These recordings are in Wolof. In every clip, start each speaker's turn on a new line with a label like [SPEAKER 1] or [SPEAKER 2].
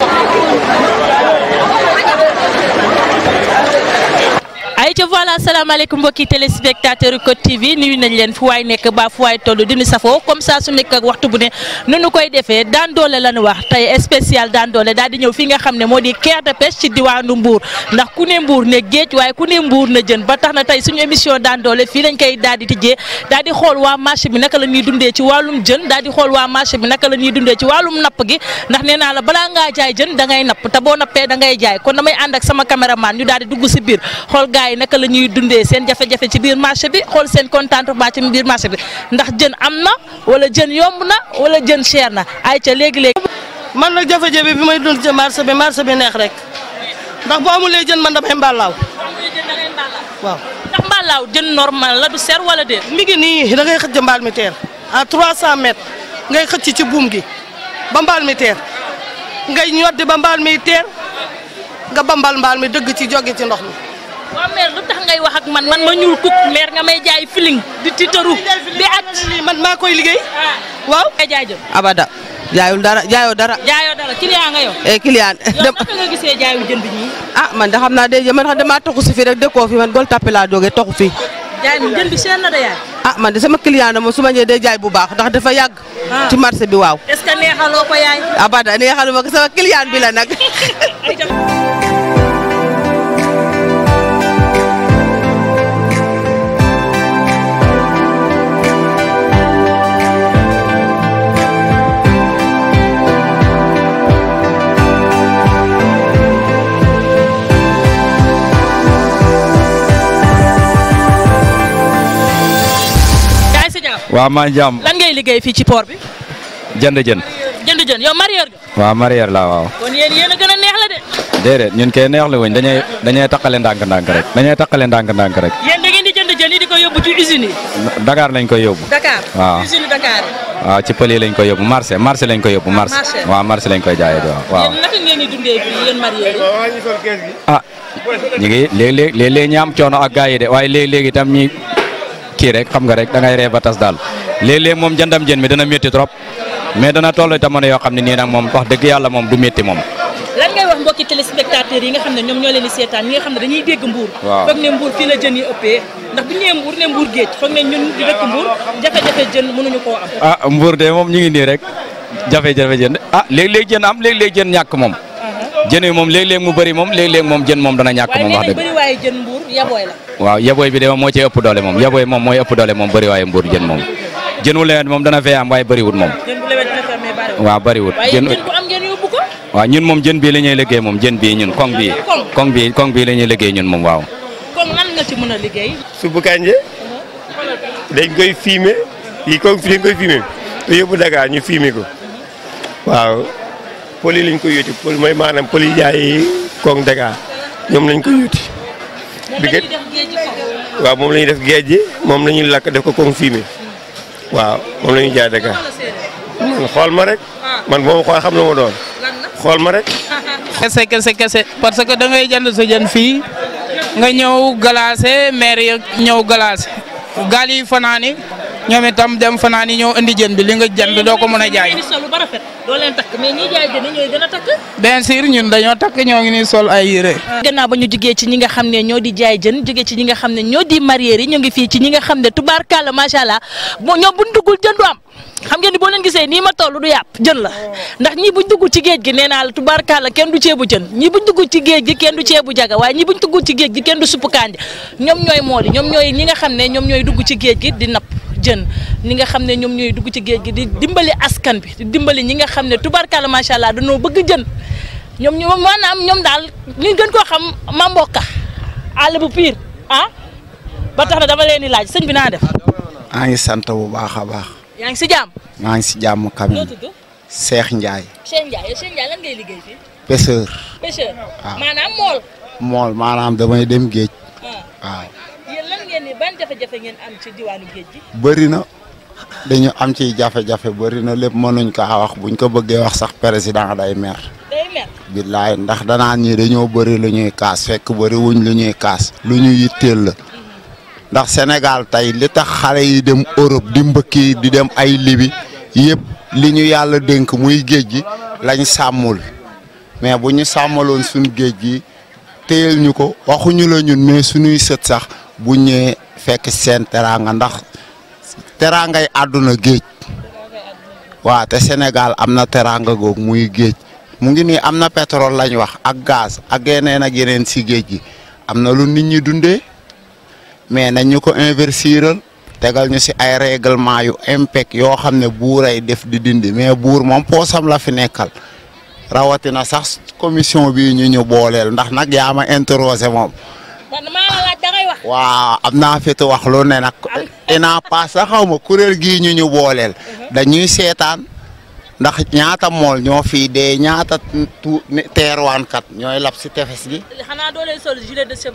[SPEAKER 1] Thank you. ca voilà salaamaaleykum mbokki téléspectateur Côte TV nuyu nañ leen fu waay nekk ba fu waay toll dinu safoo comme ça su nekk ak waxtu bu ne nu nu koy defee daan doole lañu waa tey spécial daan doole daal di ñëw fii nga xam ne moo di quai de pêche ci diwaanu Mbour ndax ku ne Mbour ne géej waaye ku ne Mbour na jën ba tax na tey suñu émission daan doole fii lañ koy daal di tijjee daal di xool waa marché bi naka la ñuy dundee ci wàllum jën daal di xool waa marché bi naka la ñuy dundee ci wàllum napp gi ndax nee naa la balaa ngaa jaay jën da ngay napp te boo nappee da jaay kon damay ànd ak sama caméraman ñu daal di dugg si biir xool gaay ka la ñuy dundee seen jafe-jafe ci biir marché bi xool seen contentement ci biir marché bi ndax jën am na wala jën yomb na wala jën cher na ay ca léegi-léegi man nag jafe-jafe bi may dund ci marché bi marché bi neex rek ndax boo amulee jën man damay mbàllaaw waaw ndax jën normal la du seer wala de mi ngi nii da ngay xëcc mbaal mi teer à 300 mètres ngay xëcc ci buum gi ba mbal mi teer ngay ñoddi ba mbaal mi teer nga bambal mbal mi dëgg ci jóge ci ndox mi waaw mère lu tax ngay wax man man ma ñuul kuk mère nga may jaay filing di tiitaru di at man maa koy liggéey ah. waaw nga jaajëf abada jaayul dara jaayoo dara jaayoo dara client eh, ah man da xam naa de man xam damaa toxu si fi rek dëkkoo fi man bool tapé laa jógee toxu fi jaay mu jënd seen na da yaay ah man de sama client na moom su ma ñëwee day jaay bu baax ndax dafa yàgg ah. ci marché bi waaw est neexaloo ko sama client bi nag
[SPEAKER 2] wa ma jam
[SPEAKER 1] lan ngay liggey fi ci port bi. jënd jënd jënd jënd yow marieur nga.
[SPEAKER 2] waaw marieur la waaw.
[SPEAKER 1] kon yeen yeena gëna neex la de.
[SPEAKER 2] déedéet ñun kay neex la wëñ dañay dañay takalé ndank ndank rek dañay takalé ndank ndank rek.
[SPEAKER 1] yeen da ngeen di jënd jënd yi di ko yóbbu ci usine yi.
[SPEAKER 2] Dakar lañ koy yobbu Dakar waaw usine Dakar. wa ci pelé lañ koy yobbu marché marché lañ koy yobbu marché wa marché lañ koy jaayé do wa yéen
[SPEAKER 1] naka ngeen di dundé fii yeen marié yi.
[SPEAKER 2] ah ñi ngi lé lé lé léeg ñi am ak gaay yi de waaye lé léeg itam ñi kii rek xam nga rek dangay ngay ree ba tas daal léeg-léeg moom jëndam jen mi dana metti trop mais dana toll jamono yoo xam ne nii nag moom wax dëgg yàlla moom du métti moom
[SPEAKER 1] lan ngay wax mbokki téléspectateurs yi nga xam ne ñoom ñoo leen seetaan ñi nga xam ne dañuy dégg mbuur foog ne mbuur fii la jën yi ëppee ndax bu ñu mbuur ne mbuur géej foog ne ñun di dëkk mbuur jafe-jafe jën mënuñu
[SPEAKER 2] koo am ah mbuur de moom ñu ngi nii rek jafe-jafe jën ah léeg-léeg jën am léeg-léeg jën ñàkk moom uh-huh. jën yi moom léeg mu bëri moom léeg moom jën moom dana ñàkk moom wax
[SPEAKER 1] dëgg
[SPEAKER 2] waaw yaboy bi de moom moo ci ëpp doole moom yaboy moom mooy ëpp doole moom bëri waaye mbuur jën moom jën wu lewet moom dana fee am waaye bëriwut moom. waaw bëriwut jën bu ñun moom jën bii la ñuy liggéey moom jën bii ñun kong bi koŋ bi kong bii la liggéey ñun moom waaw.
[SPEAKER 1] kong lan nga ci mën a liggéey.
[SPEAKER 3] suppu kànja dañ koy fumer yi kong dañ koy fumer te yóbbu Dakar ñu fumer ko waaw pël yi lañ koy yóoti mooy maanaam pël jaay kong Dakar ñoom lañ koy yóoti
[SPEAKER 4] briquette
[SPEAKER 3] waaw moom la ñuy def géej gi moom la ñuy lakk def ko comme fumier waaw moom lañuy ñuy jaay man hmm, xool ma rek ah. man boo xool xam la ma doon xool ma rek. kese kese kese parce que da ngay jënd sa jën fii nga ñëw glacé maire yi ñëw glacé gaal fanaani ñomi tam dem fanani ñoo indi jeen bi li nga jënd do ko mën a jaay.
[SPEAKER 1] ben sir ñun dañoo tak ñoo ngi ni sol ay yéré gëna ba ñu jógee ci ñi nga xamné ñoo di jaay jeen jógee ci ñi nga xamné ñoo di mareyeur yi ñu ngi fi ci ñi nga xamné ne ma sha allah bon ñoo bu ñu duggul jën du am. xam ngeen ni boo leen gisee ni ma tollu du yàpp jeen la ndax ñi buñ dugg ci geej gi nee la kenn du ceebu jeen ñi buñ dugg ci geej gi kenn du ceebu jaga way ñi buñ dugg ci geej gi kenn du supu kanja ñom ñoy mool ñom ñoy ñi nga xamné ñom ñoy dugg ci geej gi di nap jën ñi nga xam ne ñoom ñooy dugg ci géej gi di dimbali askan bi di dimbali ñi nga xam ne tubarkalla macha allah dañoo bëgg jën ñoom ñu maanaam ñoom daal ñu gën koo xam ma mbokka àll bu piir ah ba tax na dama leen di laaj sëñ bi naa def.
[SPEAKER 5] maa ngi sant bu baax a baax. yaa si jàmm. maa ngi si jàmm kam. Ndiaye. Cheikh Ndiaye
[SPEAKER 1] Cheikh Ndiaye lan mool.
[SPEAKER 5] mool maanaam damay dem géej
[SPEAKER 1] ah. waaw. yéen
[SPEAKER 5] bëri na dañu am ci jafe-jafe bëri na lépp mënuñ ko wax buñ ko bëggee wax sax président day mer. billaay ndax danaan ñi dañoo bëri lu ñuy kaas fekk bëri wuñ lu ñuy kaas lu ñu yitteel la. ndax senegal tey li tax xale yi dem Europe di yi di dem ay libi yëpp li ñu yàlla dénk muy géej gi lañ sàmmul mais bu ñu sàmmaloon suñu géej gi téyel ñu ko waxuñu la ñun mais suñuy sët sax bu ñëwee fekk seen teraanga ndax teraangay àdduna géej waaw te Sénégal am na teraanga googu muy géej mu ngi nii am na pétrole lañ wax ak gaz ak yeneen a yeneen si géej gi am na lu nit ñi dundee mais nañ ñu ko investiral tegal ñu si ay règlement yu impec yoo xam ne buuray def di dindi mais buur moom poosam la fi nekkal rawatina sax commission bii ñu ñu booleel ndax nag yaa ma interrogé moom.
[SPEAKER 1] waa maa la wax.
[SPEAKER 5] waaw am naa fitu wax lu ne nag. dinaa paas sax xaw ma kuréel gii ñu ñu booleel. Mhm. dañuy seetaan ndax ñaata mool ñoo fi dee ñaata tu teerwaankat ñooy lab si tefes gi.
[SPEAKER 1] lool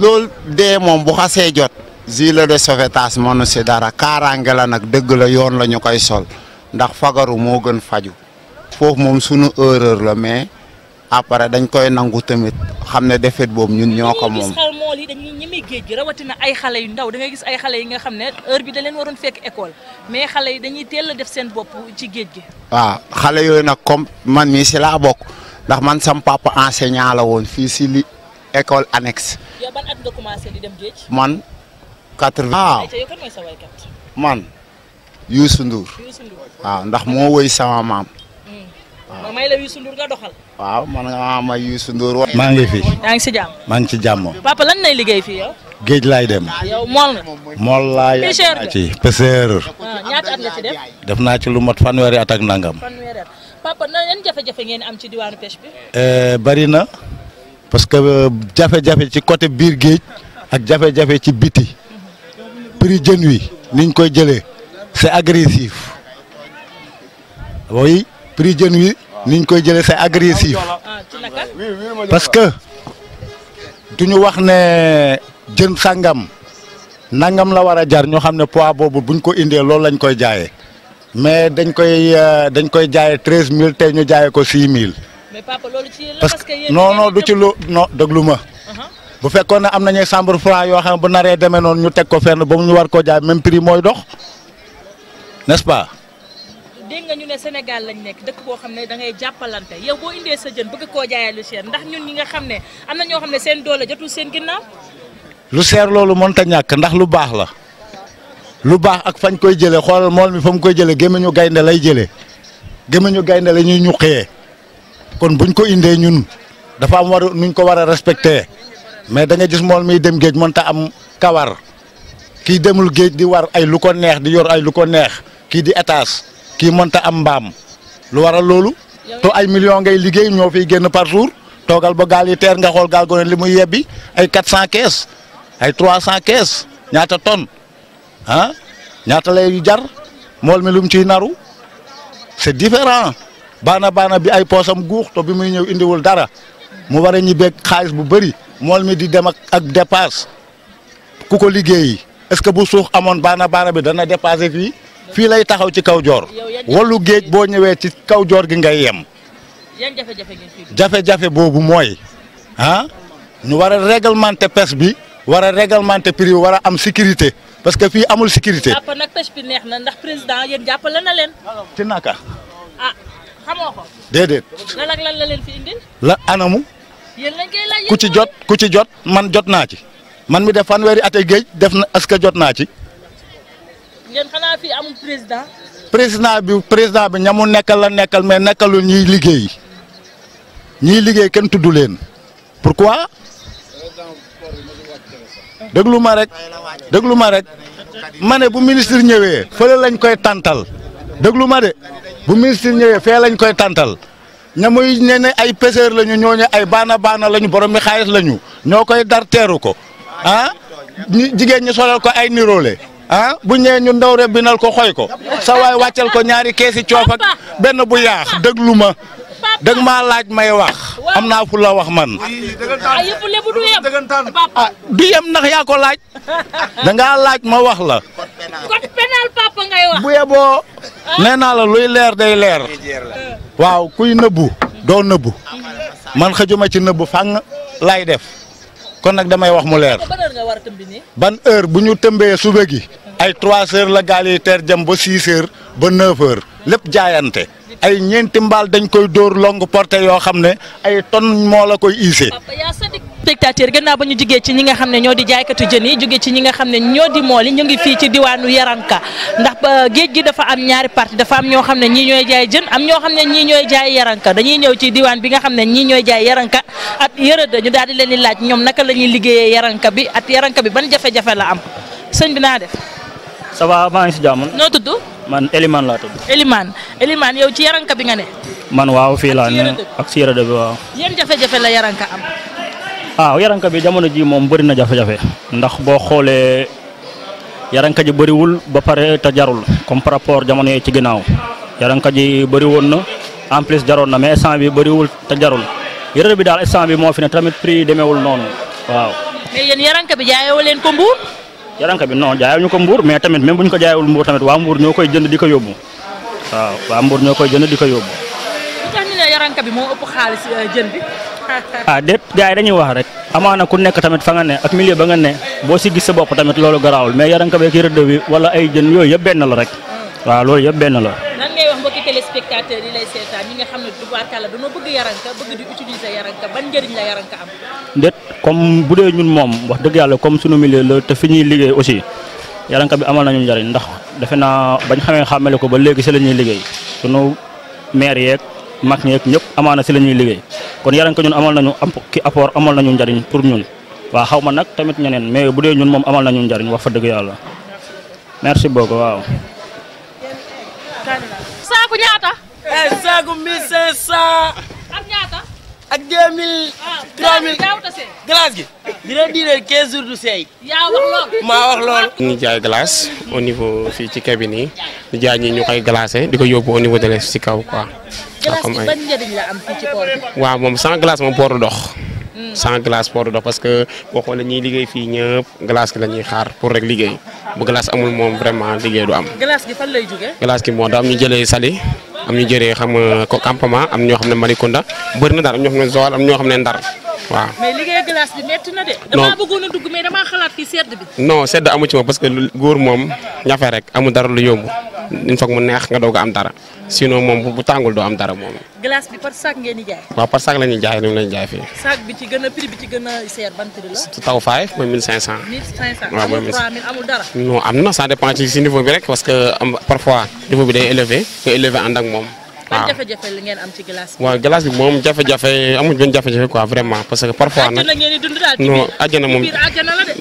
[SPEAKER 5] doo leen dee moom bu xasee jot. gilet de sauvetage mënu si dara kaaraange la nag dëgg la yoon la ñu koy sol ndax fagaru moo gën faju foofu moom sunu erreur la mais. après dañ koy nangou tamit xam ne defet boobu ñun ñoo ko moom
[SPEAKER 1] xal mool yi dañuy ñemee géej gi rawatina ay xalé yu ndaw da ngay gis ay xalé yi nga xam heure bi da leen waron fekk école mais xalé yi dañuy teel def seen bop ci géej gi
[SPEAKER 5] wa xalé yoy nak comme man mi ci la bok ndax man sam papa enseignant la won fi ci li école annexe
[SPEAKER 1] yo ban at nga commencé di dem géej
[SPEAKER 5] man 80 ah
[SPEAKER 1] yow kan mooy sa waykat
[SPEAKER 5] man Youssou Ndour wa ndax mo wëy sama mam
[SPEAKER 1] Mau may sundur Youssou Ndour nga doxal.
[SPEAKER 5] waaw man maa may Youssou Ndour. maa
[SPEAKER 1] ngi papa lan lay liggéey fii yow. géej laay dem. yow mool nga. mool ci pêcheur. Ah, ñaata at nga ci def.
[SPEAKER 6] def naa ci lu mat fanweeri at nangam.
[SPEAKER 1] papa nan yan jafe-jafe ngeen am ci diwaanu pêche bi.
[SPEAKER 6] Eh, bari na parce que euh, jafe-jafe ci côté biir géej ak jafe-jafe ci biti prix jën wi niñ koy jëlee c'est agressif oui. prix jën wi niñ koy jëlee c'est agressif ah, parce que du ñu wax ne jën sàngam nangam la war a jar ñoo xam ne poids boobu buñ ko indee loolu lañ koy jaayee mais dañ koy euh, dañ koy jaaye treize mille tey ñu jaaye ko six mille. mais papa parce que non non du ci lu non déglu ma. Uh-huh. bu fekkoon ne am nañu chambre froide yoo xam ne bu naree demee noonu ñu teg ko fenn ba mu ñu war koo jaay même prix mooy dox nest
[SPEAKER 1] dégg nga ñu né Sénégal lañ nekk dëkk bo xamné da ngay jappalanté yow bo indé sa jeun bëgg ko jaayee lu cher ndax ñun ñi nga xamné amna ño xamné seen doole jottu seen ginnaw
[SPEAKER 6] lu cher mën ta ñak ndax lu baax la lu baax ak fañ koy jëlé xolal mool mi fam koy jëlé gëmëñu gaynde lay jëlé gëmëñu gaynde lay ñu ñuxé kon buñ ko indé ñun dafa am war ñu ko wara respecté mais da nga gis mool mi dem mën ta am kawar ki demul geej di war ay lu ko neex di yor ay lu ko neex ki di étage kii mënta am mbaam lu waral loolu. to ay million ngay liggey ño fi genn par jour togal ba gal yi ter nga xol gal gonen limuy yebbi ay 400 caisse ay 300 caisse ñaata ton, ah ñaata lay jar mol mi lum ci naru c'est différent bana bana bi ay posam guux to bi muy indi wul dara mu wara a xaliss bu bari mol mi di dem ak dépasse kuko liggey est-ce que bu suux amone bana bana bi dana dépasser fi fi lay taxaw ci kaw jor walu geej bo ñewé ci kaw jor gi ngay yem jafe-jafe bobu moy ha? ñu wara réglementer pes bi wara réglementer prix wara am sécurité parce que fi amul sécurité.
[SPEAKER 1] papa nak pes bi neex na ndax président len? jàppale na len ci naka. ah xamoko Dedet. déedéet. lan ak lan la len fi indil. la anamu. yeen lañ koy laaj ku ci jot
[SPEAKER 6] ku ci jot man jot na ci man mi def fanweeri atay geej def na aska jot na ci
[SPEAKER 1] yéen xanaa fii amul président.
[SPEAKER 6] président bi président bi ñamu nekkal la nekkal mais nekkalul ñuy liggéey ñiy liggéey kenn tudd leen pourquoi. déglu rek déglu rek ma bu ministre ñëwee fële lañ koy tàntal déglu ma bu ministre ñëwee fee lañ koy tàntal ña muy ay pêcheur lañu ñooñu ay baana lañu borom mi lañu dar teruko, ko ah jigéen ñi solal ko ay niroole. ah bu ñëwee ñu ndaw rek binal ko xooy ko sa waay wàccal ko ñaari keesi coof ak benn bu yaax déglu ma dëgg maa laaj may wax am naa fu la wax man ah, ah, du yem ndax yaa ko laaj danga laaj ma wax la
[SPEAKER 1] bu yeboo
[SPEAKER 6] nee naa la luy leer day leer waaw kuy nëbbu doo nëbbu man xëjuma ci nëbbu fang laay def kon nag damay wax mu leer ban heure bu ñu tëmbee suba gi ay trois heures la gaal yi teer jëm ba 6 heures ba 9 heures lépp jaayante ay ñeenti mbaal dañ koy dóor longue porte yoo xam ne ay tonnes moo la koy isee.
[SPEAKER 1] spectateur gannaaw ba ñu jugee ci ñi nga xam ne ñoo di jaaykatu jën yi jugee ci ñi nga xam ne ñoo di mool ñu ngi fii ci diwaanu Yaranka ndax géej gi dafa am ñaari partie dafa am ñoo xam ne ñii ñooy jaay jën am ñoo xam ne ñii ñooy jaay Yaranka dañuy ñëw ci diwaan bi nga xam ne ñii ñooy jaay Yaranka at Yërëda ñu daal di leen di laaj ñoom naka la ñuy Yaranka bi at Yaranka bi ban jafe la am sëñ def.
[SPEAKER 7] ça va maa ngi si no tuddu man eliman lah tutu.
[SPEAKER 1] eliman eliman yow ci yaranka bi nga ne.
[SPEAKER 7] man waaw fi la ne ak sira de bi waaw.
[SPEAKER 1] yeen jafé jafé la yaranka am.
[SPEAKER 7] ah yaranka bi jamono ji mom bari na jafé jafé ndax bo xolé yaranka ji wul ba paré ta jarul comme par rapport jamono ye ci ginnaaw yaranka ji bari won na en plus jaron na mais sans bi wul ta jarul yere bi dal instant bi mo fi ne tamit prix demeewul non waaw.
[SPEAKER 1] mais yeen yaranka bi jaayoo ko mbuur
[SPEAKER 7] yaranka bi non jaayal ñu ko mbuur mais tamit même bu ñu ko jaayewul mbuur tamit waa mbuur ñoo ko jënd di ko yóbbu waaw waa mbuur ñoo koy jënd di ko yóbbu.
[SPEAKER 1] tax ñu ne yaranka bi moo ëpp xaalis euh, jën bi.
[SPEAKER 7] ah déet dañuy wax rek amaana ku nekk tamit fa nga ne ak milieu ba nga ne boo si gis bopp tamit loolu garaawul mais yaranka beeg rëdd bi wala ay jën yooyu yëpp benn la rek mm. waaw loolu yëpp benn la
[SPEAKER 1] ngay wax mbokki téléspectateur yi lay sétane ñi nga du ne kala dañu bëgg yaranka bëgg di utiliser yaranka ban jëriñ la yaranka am
[SPEAKER 7] déet comme budé ñun mom wax dëgg yalla comme suñu milieu la te fiñuy liggéey aussi yaranka bi amal nañu njëriñ ndax defe na bañ xamé xàmmele ko ba légui ci lañuy liggéey suñu maire yek mak ñek ñep amana ci lañuy liggéey kon yaranka ñun amal nañu am ki apport amal nañu njëriñ pour ñun wa xawma nak tamit ñeneen mais budé ñun mom amal nañu njëriñ wax fa dëgg yalla merci beaucoup waaw
[SPEAKER 1] bu ñaata. Eh, saaku 1500. ak ñaata. ak 2000. 3000 ah, glace gi. li leen di du seey. maa wax lool.
[SPEAKER 3] ñu jaay glace au niveau fii ci cabine yi ñu jaay ñi ñu koy glacé di ko yóbbu au niveau de les si kaw quoi. waaw moom sans glace moom port dox. sans glace port dox parce que boo xoolee ñiy liggéey fii ñëpp glace ki la ñuy xaar pour rek liggéey bu glace amul moom vraiment liggéey du am. glace gi moom lay am ñu jëlee Saly am ñu jëlee xam ko campement am ñoo xam ne Malikounda bëri na daal am ñoo xam ne Joal am ñoo xam ne dara waaw
[SPEAKER 1] mais liggéey glace bi métti na de. non damaa dugg mais damaa xalaat fii sedd bi.
[SPEAKER 3] non sedd amu ci moom parce que góor moom ñafe rek amul dara lu yomb. il faut mu neex nga doog am dara sinon moom bu tàngul doo am dara moom.
[SPEAKER 1] glace bi par sac ngeen di jaay.
[SPEAKER 3] waaw par sac la ñuy jaay ni mu la ñuy jaay fii.
[SPEAKER 1] sac bi ci gën a prix bi ci gën a cher ban prix la.
[SPEAKER 3] taw faay mooy 1500.
[SPEAKER 1] 1500 amul 3000
[SPEAKER 3] am na ça dépend ci niveau bi rek parce que am parfois niveau bi dee élevé nga élevé ànd ak moom. ban
[SPEAKER 1] jafe-jafe la ngeen am ci
[SPEAKER 3] glace moom jafe-jafe amuñ benn jafe-jafe quoi vraiment parce que parfois nag.
[SPEAKER 1] àjjana moom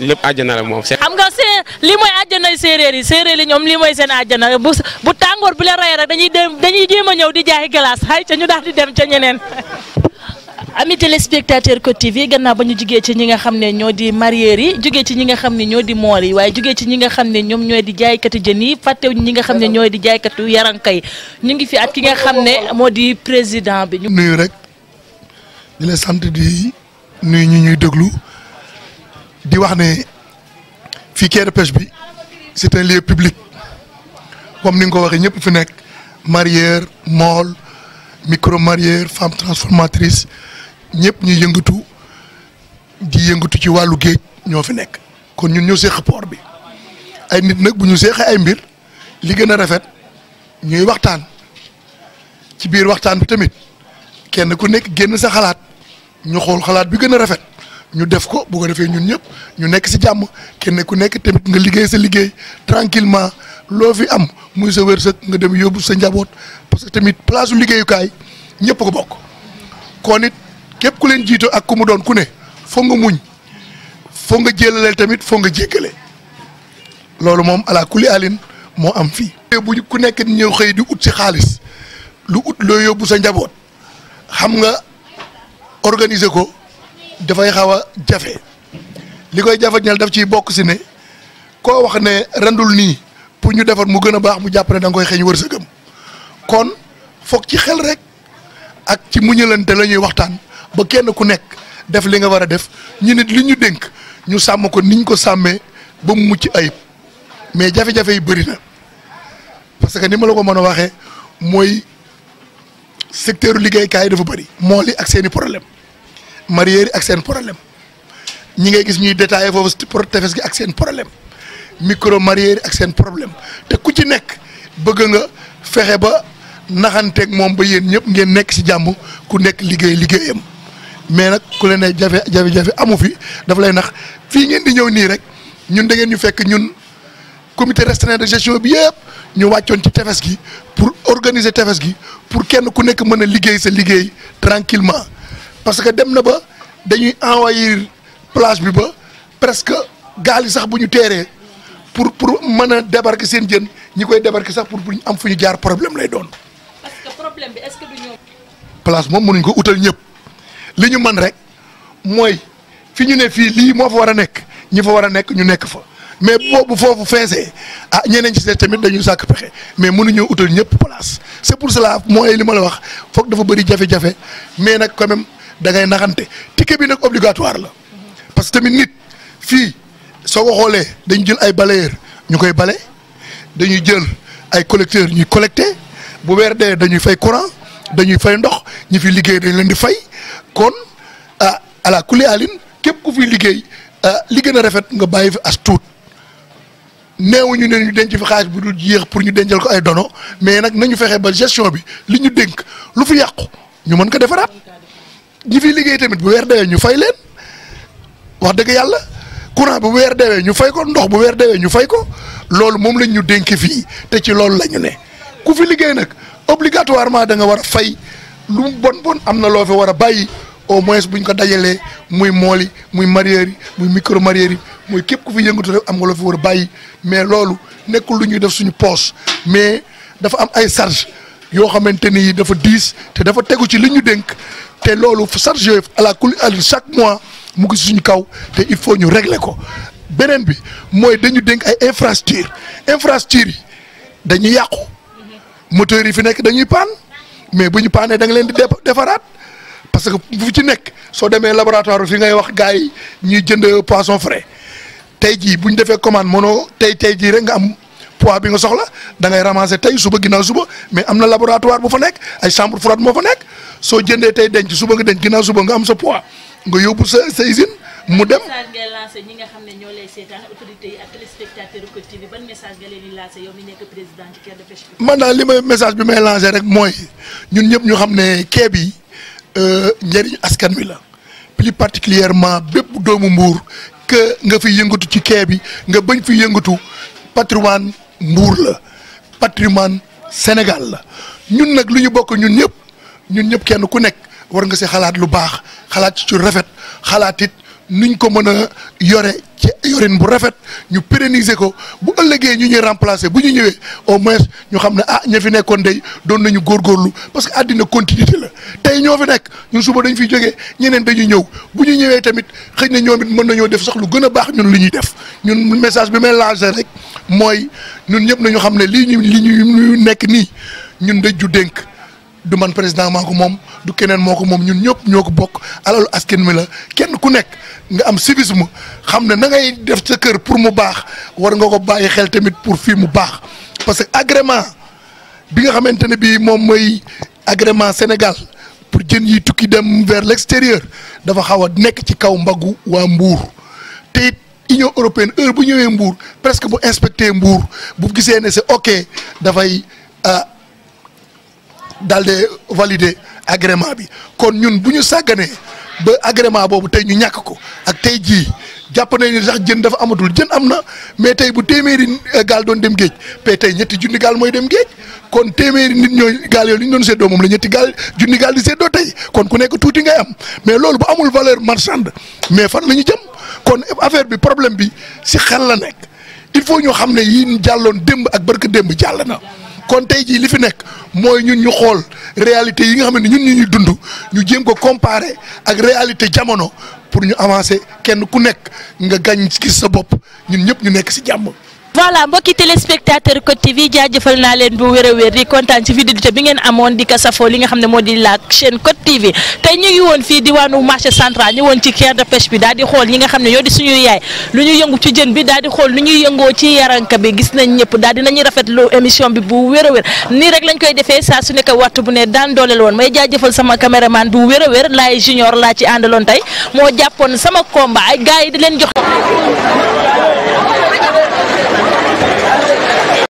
[SPEAKER 1] lépp
[SPEAKER 3] àjjana la moom. xam
[SPEAKER 1] nga see li mooy àjjanay séeréer ñoom li seen àjjana bu tàngoor bu la rek dañuy dem a ñëw di jaay glace ay ca daal di dem
[SPEAKER 4] ca
[SPEAKER 1] amis téléspectateurs Côte TV gannaaw ba ñu jugee ci ñi nga xam ne ñoo di mareyeur yi jugee ci ñi nga xam ne ñoo di mool yi waaye jugee ci ñi nga xam ne ñoom ñooy di jaaykatu jën yi fàttewuñu ñi nga xam ne ñooy di jaaykatu yaranka yi ñu ngi fi at ki nga xam ne moo di président bi. nuyu
[SPEAKER 4] rek ñu la sant di nuyu ñu ñuy déglu di wax ne fii quai de bi c'est un lieu public comme ni nga ko waxee ñëpp fi nekk marieur mool micro mareyeur femme transformatrice. ñëpp ñu yëngatu di yëngatu ci wàllu géej ñoo fi nekk kon ñun ñoo seex port bi ay nit nag bu ñu seexee ay mbir li gën a rafet ñuy waxtaan ci biir waxtaan bi tamit kenn ku nekk génn sa xalaat ñu xool xalaat bi gën a rafet ñu def ko bu ko defee ñun ñëpp ñu nekk si jàmm kenn ku nekk tamit nga liggéey sa liggéey tranquillement loo fi am muy sa wërsëg nga dem yóbbu sa njaboot parce que tamit place su liggéeyukaay ñëpp ko bokk kon képp ku leen jiito ak ku mu doon ku ne foo nga muñ foog nga jëlaleel tamit foog nga jéggale loolu moom ala kulli alin moo am fii. bu ku nekk ñëw xëy di ut si xaalis lu ut loo yóbbu sa njaboot xam nga organiser ko dafay xaw a jafe li koy jafe ñal daf ci bokk si ne koo wax ne rendul nii pour ñu defar mu gën a baax mu jàpp ne koy nga koy xëy wërsëgam kon foog ci xel rek ak ci muñalante la ñuy waxtaan. ba kenn ku nekk def li nga war a def ñu nit li ñu dénk ñu sàmm ko niñ ko sàmmee ba mu mucc ayib mais jafe-jafe yi bëri na parce que ni ma la ko mën a waxee mooy secteur liggéeykaay yi dafa bëri. mool yi ak seen i problème mareyeur ak seen problème ñi ngay gis ñuy détaillé foofu tefes gi ak seen problème micro mareyeur ak seen problème te ku ci nekk bëgg nga fexe ba naxanteeg moom ba yéen ñëpp ngeen nekk ci jàmm ku nekk liggéey liggéeyam. mais nag ku leen ne jafe jafe-jafe amu fi dafa lay nax fii ngeen di ñëw nii rek ñun da ngeen ñu fekk ñun comité restreint de gestion bi yëpp ñu wàccoon ci tefes gi pour organiser tefes gi pour kenn ku nekk mën a liggéey sa liggéey tranquillement parce que dem na ba dañuy envahir plage bi ba presque gaal yi sax bu ñu teeree pour pour mën a débarquer seen jën ñi koy débarquer sax pour pour ñu am fu ñu jaar problème lay doon.
[SPEAKER 1] parce que problème bi est-ce que du ñoom.
[SPEAKER 4] place moom mënuñ ko utal ñëpp. li ñu mën rek mooy fi ñu ne fii lii moo fa war a nekk ñi fa war a nekk ñu nekk fa mais boobu foofu feesee ah ñeneen ci seet tamit dañu sàkk pexe mais mënuñoo utal ñëpp place c'est pour cela mooy li ma la wax foog dafa bëri jafe-jafe mais nag quand même da ngay naxante ticket bi nag obligatoire la parce que tamit nit fii soo ko xoolee dañu jël ay balayeur ñu koy bale dañuy jël ay collecteur ñuy collecté bu weer dee dañuy fay courant dañuy fay ndox ñi fi liggéey dañ leen di fay kon ah ala kulli alin képp ku fi liggéey euh, li gën a rafet nga bàyyi fi as tuut ñu ne ñu denc fi xaalis bu dul yéex pour ñu dencal ko ay dono mais nag nañu fexe ba gestion bi li ñu dénk lu fi yàqu ñu mën ko defaraat ñi fi liggéey tamit bu weer dewee ñu fay leen wax dëgg yàlla courant bu weer dewee ñu fay ko ndox bu weer dewee ñu fay ko loolu moom lañ ñu dénk fii te ci loolu la ñu ne ku fi liggéey nag obligatoirement da nga war a fay. lu bon bon am na loo fi war a bàyyi au moins buñ ko dajalee muy mool yi muy mareyeur yi muy micro yi muy képp ku fi yëngatu rek am nga loo fi war a bàyyi mais loolu nekkul lu ñuy def suñu poche mais dafa am ay charge yoo xamante ni dafa diis te dafa tegu ci li ñu dénk te loolu charge yooyu à la kuli al chaque mois mu ngi suñu kaw te il faut ñu régler ko beneen bi mooy dañu dénk ay infrastructure infrastructure yi dañuy yàqu mm-hmm. moteurs yi fi nekk dañuy paan mais bu ñu paanee da nga leen di defaraat parce que bu ci nekk soo demee laboratoire fi ngay wax gars yi ñuy jënd poisson frais tey jii bu ñu defee commande mënoo tey tey jii rek nga am poids bi nga soxla da ngay ramasser tey suba ginaa suba mais am na laboratoire bu fa nekk ay chambre froide moo fa nekk soo jëndee tey denc suba nga denc ginaa suba nga am sa poids nga yóbbu sa sa usine. mu dem
[SPEAKER 1] message ñi nga xam ne ñoo lay
[SPEAKER 4] man daal li may message bi may lancé rek mooy ñun ñëpp ñu xam ne quai bi euh, njëriñ askan wi la plus particulièrement bépp doomu mbuur que nga fi yëngatu ci quai bi nga bëñ fi yëngatu patrimoine mbuur la patrimoine Sénégal la ñun nag lu ñu bokk ñun ñëpp ñun ñëpp kenn ku nekk war nga si xalaat lu baax xalaat ci rafet xalaatit nuñ ko mën a yore ci yorin bu rafet ñu pérenniser ko bu ëllëgee ñu ñuy remplacer bu ñu ñëwee au moins ñu xam ne ah ña fi nekkoon day doon nañu góorgóorlu parce que àddina continuité la tey ñoo fi nekk ñun suba dañ fiy jógee ñeneen dañu ñëw bu ñu ñëwee tamit xëy na ñoom it mën nañoo def sax lu gën a baax ñun li ñuy def ñun message bi may lancé rek mooy ñun ñëpp nañu xam ne lii ñu li ñu nekk nii ñun dañ ju dénk du man président mako mom du keneen moko mom ñun ñop ñoko bok alal alalu askan mi la kenn ku nek nga am civisme xamne na ngay def sa keur pour mu bax war nga ko bàyyi xel tamit pour fi mu bax parce que agrément bi nga xamantene bi mom moy agrément Sénégal pour jën yi tukki dem vers l'extérieur dafa xawa nek ci kaw mbagu wa Mbour te Union européenne heure bu ñewé Mbour presque bu inspecter Mbour bu gisé né c'est ok dafay ah. daal di valider agrément bi kon ñun bu ñu sàgganee ba agrément boobu tey ñu ñàkk ko ak tey jii jàpp nañu ne sax jën dafa amatul jën am na mais tey bu téeméeri gaal doon dem géej mais tey ñetti junni gaal mooy dem géej kon téeméeri nit ñooy gaal yooyu li ñu doon séddoo moom la ñetti gaal junni gaal di séddoo tey kon ku nekk tuuti ngay am mais loolu bu amul valeur marchande mais fan la ñu jëm kon affaire bi problème bi si xel la nekk il faut ñu xam ne yi jàlloon démb ak barke démb jàll na. kon tey jii li fi nekk mooy ñun ñu xool réalité yi nga xam ñun ñu ñuy dund ñu jéem ko comparer ak réalité jamono pour ñu avancer kenn ku nekk nga gañ gis sa bopp ñun ñëpp ñu nekk si jàmm.
[SPEAKER 1] voilà mbokki téléspectateur Côte TV jaajëfal naa leen bu wér a wér di kontaan ci fidélité bi ngeen amoon di ko safoo li nga xam ne moo di la chaîne Côte TV tey ñu ngi woon fii diwaanu marché central ñu woon ci quai de pêche bi daal di xool ñi nga xam ne ñoo di suñu yaay lu ñu yëngu ci jën bi daal di xool lu ñuy yëngoo ci yaranka bi gis nañ ñëpp daal dinañuy rafetlu émission bi bu wér a wér nii rek lañ koy defee saa su nekk waxtu bu ne daan dooleel woon may jaajëfal sama caméraman bu wér a wér laay junior laa ci àndaloon tey moo jàppoon sama combat ay gars yi di leen jox